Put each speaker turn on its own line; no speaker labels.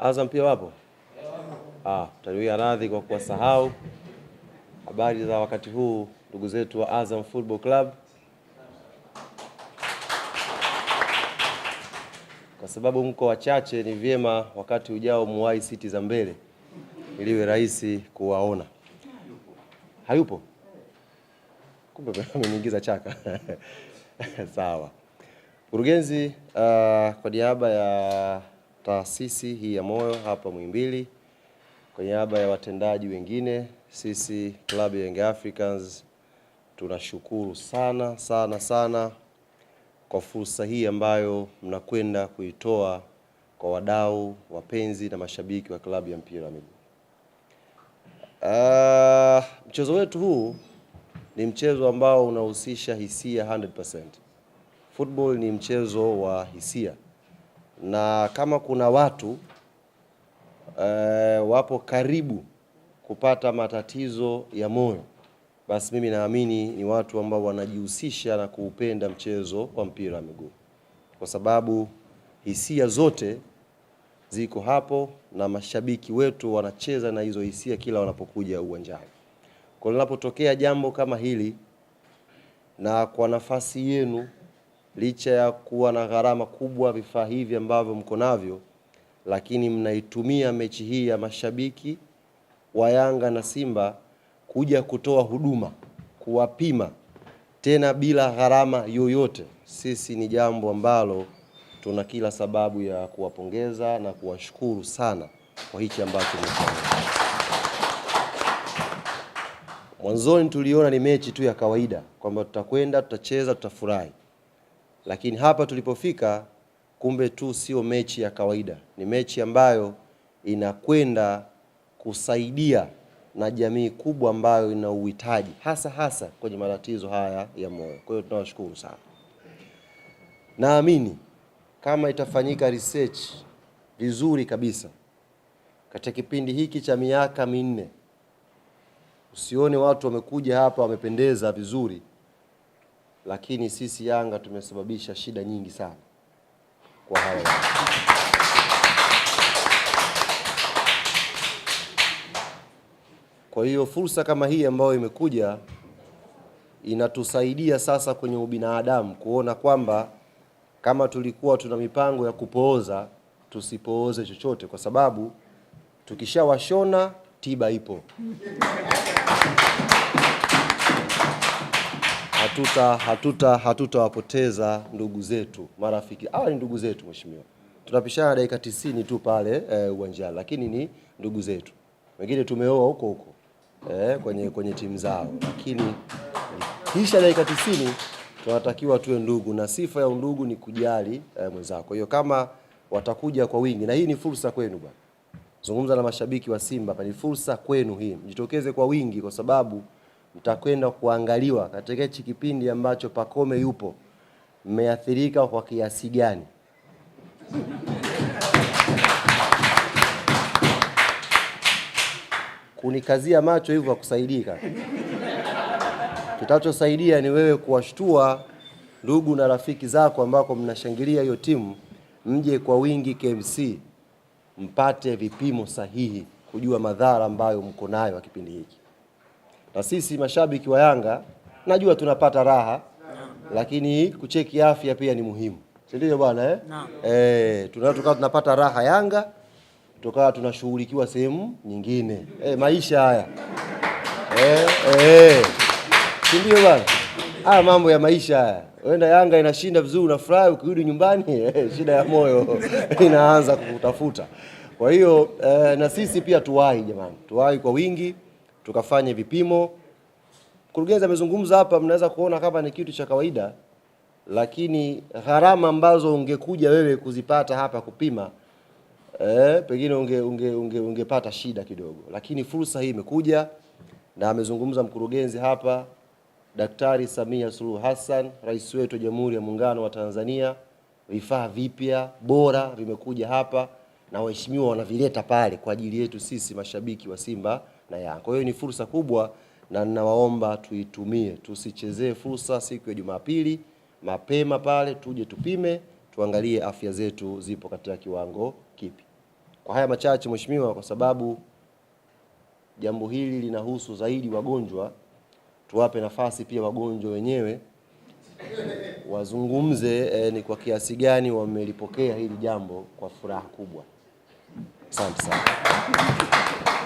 Azam pia wapo? Ah, tutaliwia radhi kwa kuwasahau. Habari za wakati huu ndugu zetu wa Azam Football Club, kwa sababu mko wachache, ni vyema wakati ujao muwai siti za mbele iliwe rahisi kuwaona. Hayupo? Kumbe ameniingiza chaka sawa. Mkurugenzi, uh, kwa niaba ya taasisi hii ya moyo hapa Muhimbili. Kwa niaba ya watendaji wengine, sisi klabu ya Young Africans tunashukuru sana sana sana kwa fursa hii ambayo mnakwenda kuitoa kwa wadau, wapenzi na mashabiki wa klabu ya mpira wa miguu. Uh, mchezo wetu huu ni mchezo ambao unahusisha hisia 100%. Football ni mchezo wa hisia na kama kuna watu e, wapo karibu kupata matatizo ya moyo, basi mimi naamini ni watu ambao wanajihusisha na kuupenda mchezo wa mpira wa miguu, kwa sababu hisia zote ziko hapo na mashabiki wetu wanacheza na hizo hisia kila wanapokuja uwanjani. Kwa linapotokea jambo kama hili, na kwa nafasi yenu licha ya kuwa na gharama kubwa vifaa hivi ambavyo mko navyo, lakini mnaitumia mechi hii ya mashabiki wa Yanga na Simba kuja kutoa huduma, kuwapima tena bila gharama yoyote. Sisi ni jambo ambalo tuna kila sababu ya kuwapongeza na kuwashukuru sana kwa hichi ambacho mmefanya. Mwanzoni tuliona ni mechi tu ya kawaida kwamba tutakwenda, tutacheza, tutafurahi lakini hapa tulipofika, kumbe tu sio mechi ya kawaida, ni mechi ambayo inakwenda kusaidia na jamii kubwa ambayo ina uhitaji hasa hasa kwenye matatizo haya ya moyo. Kwa hiyo tunawashukuru sana. Naamini kama itafanyika research vizuri kabisa katika kipindi hiki cha miaka minne, usione watu wamekuja hapa wamependeza vizuri, lakini sisi Yanga tumesababisha shida nyingi sana kwa hawa Kwa hiyo fursa kama hii ambayo imekuja inatusaidia sasa kwenye ubinadamu kuona kwamba kama tulikuwa tuna mipango ya kupooza, tusipooze chochote, kwa sababu tukishawashona tiba ipo. hatuta hatuta hatutawapoteza ndugu zetu marafiki. Hawa ni ndugu zetu mheshimiwa, tunapishana dakika tisini tu pale e, uwanjani, lakini ni ndugu zetu. Wengine tumeoa huko huko e, kwenye, kwenye timu zao, lakini kisha dakika tisini tunatakiwa tuwe ndugu, na sifa ya undugu ni kujali e, mwenzako. Kwa hiyo kama watakuja kwa wingi, na hii ni fursa kwenu bwana, zungumza na mashabiki wa Simba hapa, ni fursa kwenu hii, mjitokeze kwa wingi kwa sababu mtakwenda kuangaliwa katika hichi kipindi ambacho Pakome yupo, mmeathirika kwa kiasi gani? Kunikazia macho hivyo hakusaidika. Kitachosaidia ni wewe kuwashtua ndugu na rafiki zako ambako mnashangilia hiyo timu, mje kwa wingi KMC mpate vipimo sahihi, kujua madhara ambayo mko nayo kipindi hiki na sisi mashabiki wa Yanga najua tunapata raha, lakini kucheki afya pia ni muhimu, si ndio bwana eh? Eh, tunatoka tunapata raha Yanga, tukawa tunashughulikiwa sehemu nyingine eh, maisha haya eh, eh. si ndio bwana? Haya mambo ya maisha haya Wenda Yanga inashinda vizuri, unafurahi, ukirudi nyumbani eh, shida ya moyo inaanza kukutafuta. Kwa hiyo eh, na sisi pia tuwahi jamani, tuwahi kwa wingi tukafanye vipimo. Mkurugenzi amezungumza hapa, mnaweza kuona kama ni kitu cha kawaida, lakini gharama ambazo ungekuja wewe kuzipata hapa kupima eh, pengine unge, unge, unge, ungepata shida kidogo, lakini fursa hii imekuja na amezungumza mkurugenzi hapa, Daktari Samia Suluhu Hassan, rais wetu wa Jamhuri ya Muungano wa Tanzania. Vifaa vipya bora vimekuja hapa na waheshimiwa wanavileta pale kwa ajili yetu sisi mashabiki wa Simba na Yanga. Kwa hiyo ni fursa kubwa na ninawaomba tuitumie, tusichezee fursa siku ya Jumapili mapema pale, tuje tupime, tuangalie afya zetu zipo katika kiwango kipi. Kwa haya machache, mheshimiwa, kwa sababu jambo hili linahusu zaidi wagonjwa, tuwape nafasi pia wagonjwa wenyewe wazungumze eh, ni kwa kiasi gani wamelipokea hili jambo kwa furaha kubwa. Asante sana.